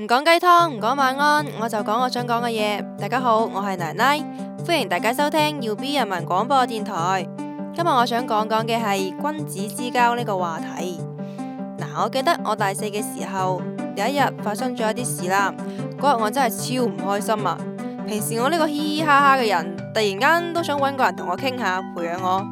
唔講雞湯，唔講晚安，我就講我想講嘅嘢。大家好，我係奶奶，歡迎大家收聽 YB 人民廣播電台。今日我想講講嘅係君子之交呢個話題。嗱，我記得我大四嘅時候，有一日發生咗一啲事啦。嗰日我真係超唔開心啊！平時我呢個嘻嘻哈哈嘅人，突然間都想搵個人同我傾下，培養我。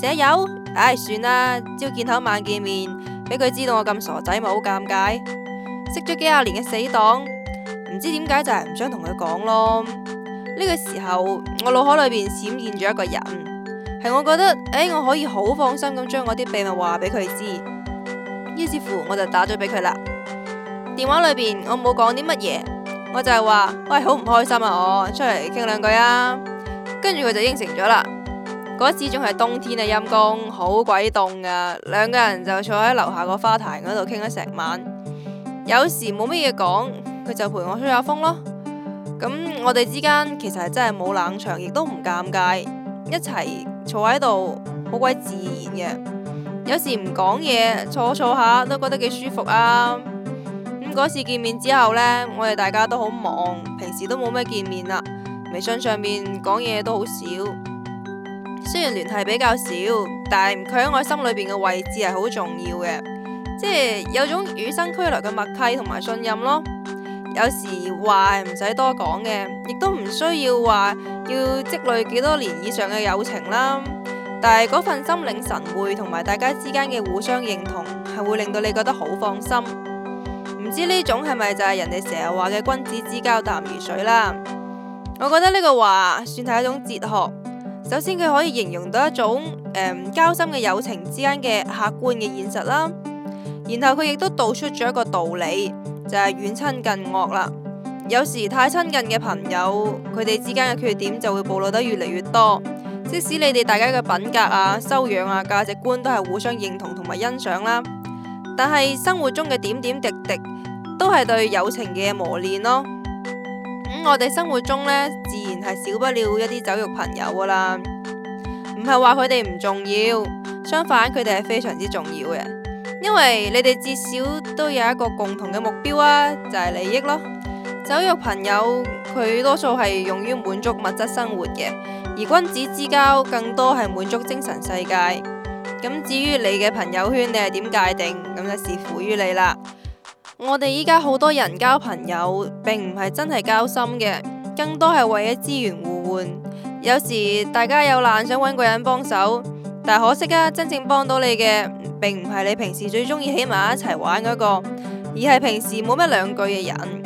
舍友，唉，算啦，朝見口，晚見面，俾佢知道我咁傻仔咪好尷尬。識咗幾廿年嘅死黨，唔知點解就係唔想同佢講咯。呢個時候，我腦海裏邊閃現咗一個人，係我覺得，誒，我可以好放心咁將我啲秘密話俾佢知。於是乎，我就打咗俾佢啦。電話裏邊，我冇講啲乜嘢，我就係話，喂，好唔開心啊，我出嚟傾兩句啊。跟住佢就應承咗啦。嗰時仲係冬天啊，陰公，好鬼凍噶，兩個人就坐喺樓下個花壇嗰度傾咗成晚。有時冇乜嘢講，佢就陪我吹下風咯。咁我哋之間其實真係冇冷場，亦都唔尷尬，一齊坐喺度好鬼自然嘅。有時唔講嘢，坐坐下都覺得幾舒服啊。咁嗰次見面之後呢，我哋大家都好忙，平時都冇咩見面啦。微信上面講嘢都好少，雖然聯繫比較少，但係佢喺我心裏邊嘅位置係好重要嘅。即係有種與生俱來嘅默契同埋信任咯。有時話唔使多講嘅，亦都唔需要話要積累幾多年以上嘅友情啦。但係嗰份心領神會同埋大家之間嘅互相認同，係會令到你覺得好放心。唔知呢種係咪就係人哋成日話嘅君子之交淡如水啦？我覺得呢個話算係一種哲學。首先，佢可以形容到一種誒、嗯、交心嘅友情之間嘅客觀嘅現實啦。然後佢亦都道出咗一個道理，就係、是、遠親近惡啦。有時太親近嘅朋友，佢哋之間嘅缺點就會暴露得越嚟越多。即使你哋大家嘅品格啊、修養啊、價值觀都係互相認同同埋欣賞啦，但係生活中嘅點點滴滴，都係對友情嘅磨練咯。咁、嗯、我哋生活中呢，自然係少不了一啲酒肉朋友噶啦。唔係話佢哋唔重要，相反佢哋係非常之重要嘅。因為你哋至少都有一個共同嘅目標啊，就係利益咯。酒肉朋友佢多數係用於滿足物質生活嘅，而君子之交更多係滿足精神世界。咁至於你嘅朋友圈你係點界定，咁就視乎於你啦。我哋依家好多人交朋友，並唔係真係交心嘅，更多係為咗資源互換。有時大家有難想搵個人幫手，但係可惜啊，真正幫到你嘅。並唔係你平時最中意起埋一齊玩嗰個，而係平時冇咩兩句嘅人。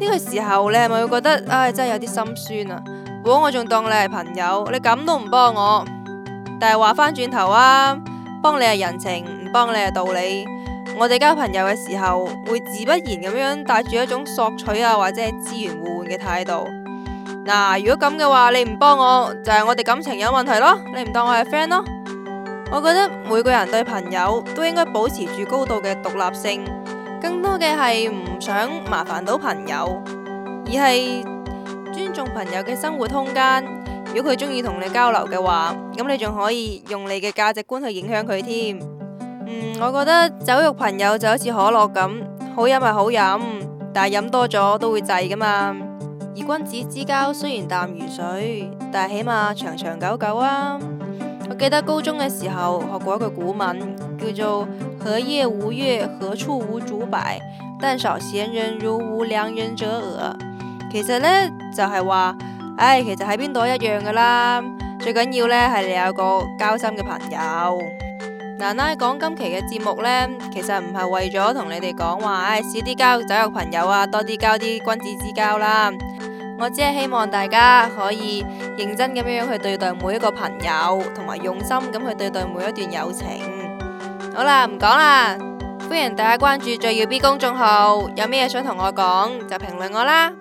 呢個時候你係咪會覺得唉，真係有啲心酸啊？如果我仲當你係朋友，你咁都唔幫我，但係話翻轉頭啊，幫你係人情，唔幫你係道理。我哋交朋友嘅時候會自不然咁樣帶住一種索取啊或者係資源互換嘅態度。嗱，如果咁嘅話，你唔幫我，就係我哋感情有問題咯。你唔當我係 friend 咯？我覺得每個人對朋友都應該保持住高度嘅獨立性，更多嘅係唔想麻煩到朋友，而係尊重朋友嘅生活空間。如果佢中意同你交流嘅話，咁你仲可以用你嘅價值觀去影響佢添。嗯，我覺得酒肉朋友就好似可樂咁，好飲係好飲，但係飲多咗都會滯噶嘛。而君子之交雖然淡如水，但係起碼長長久久啊。我記得高中嘅時候學過一個古文，叫做“何夜無月，何處無竹柏？但少閒人如吾兩人者耳”。其實呢，就係、是、話，唉、哎，其實喺邊度一樣噶啦。最緊要呢係你有個交心嘅朋友。奶奶講今期嘅節目呢，其實唔係為咗同你哋講話，唉、哎，少啲交酒肉朋友啊，多啲交啲君子之交啦。我只係希望大家可以。認真咁樣樣去對待每一個朋友，同埋用心咁去對待每一段友情。好啦，唔講啦，歡迎大家關注最耀 B 公眾號，有咩想同我講就評論我啦。